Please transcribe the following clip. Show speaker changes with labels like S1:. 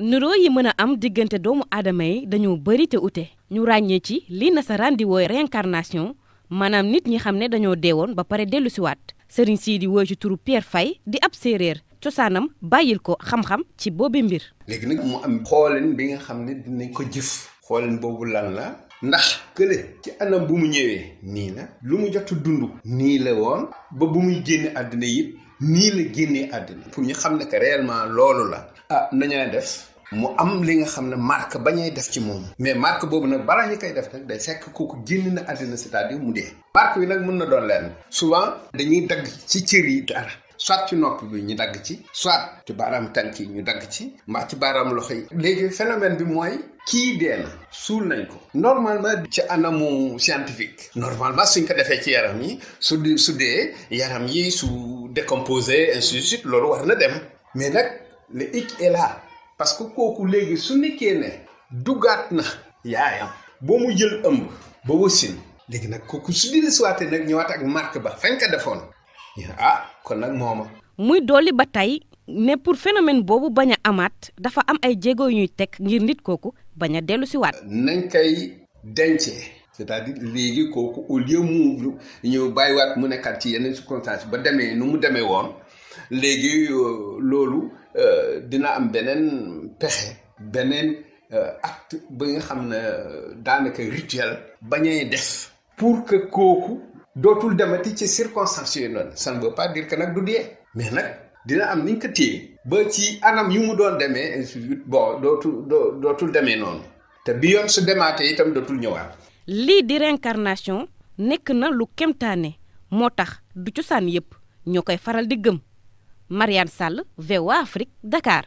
S1: nuroo yi mën a am diggante doomu aadama yi dañoo bëri te ute ñu ràññee ci lii nasaraan di wooy réincarnation maanaam nit ñi xam ne dañoo deewoon ba pare dellu siwaat sëriñ sii di wooy ci turu Pierre Faye di ab séeréer cosaanam bàyyil ko xam-xam ci boobe mbir léegi
S2: nag mu am xooleen bi nga xam ne dinañ ko jëf xooleen boobu lan la ndax kële ci anam bu mu ñëwee nii la lu mu jotu dund nii la woon ba bu muy génn àddina yit nii la génnee àddina pour ñu xam ne que réellement loolu la ah nañu def mu am li nga xam ne marque bañay def ci moom mais marque boobu nag balaa ñu koy def nag day sekk kooku génn na àddina si à dire mu dee marque bi nag mun na doon lenn souvent dañuy dagg ci cër yi dara soit ci nopp bi ñu dagg ci soit ci baaraam tan yi ñu dagg ci mbaa ci baaraam loxo yi léegi phénomène bi mooy kii dee na suul nañ ko normalement ci anamu scientifique normalement suñ ko defee ci yaram yi su décomposer ainsi de suite loolu war na dem mais nag le hic est là parce que kooku léegi su nekkee ne dugaat na yaayam boo mu jël ëmb ba wasin léegi nag kooku su di soité nag ñëwaat ak marque ba fañ ko defoon ah kon nag mooma
S1: muy dolli ba tey ne pour phénomène boobu bañ a amaat dafa am ay jéego yu ñuy teg ngir nit kooku bañ a dellu waat nañ
S2: koy dencee c'est-à-dire léegi kooku au lieu ñëw ñu bàyyiwaat mu nekkaat ci yeneen circonstances ba demee nu mu demee woon léegi euh, loolu euh, dina am beneen pexe beneen euh, acte ba nga xam ne daanaka rituel bañay def pour que kooku dootul demati ci circonstances yooyu noonu ça ne veut pas dire que nag du dee mais nag dina am niñ ko yi ba ci anam yu mu doon demee bon dootul dootul demee noonu te bi yoon su demaatee itam dootul ñëwaat
S1: lii di réincarnation nekk na lu kemtaane moo tax du cosaan yépp ñoo koy faral di gëm Mariane sàll VOA Afrique Dakar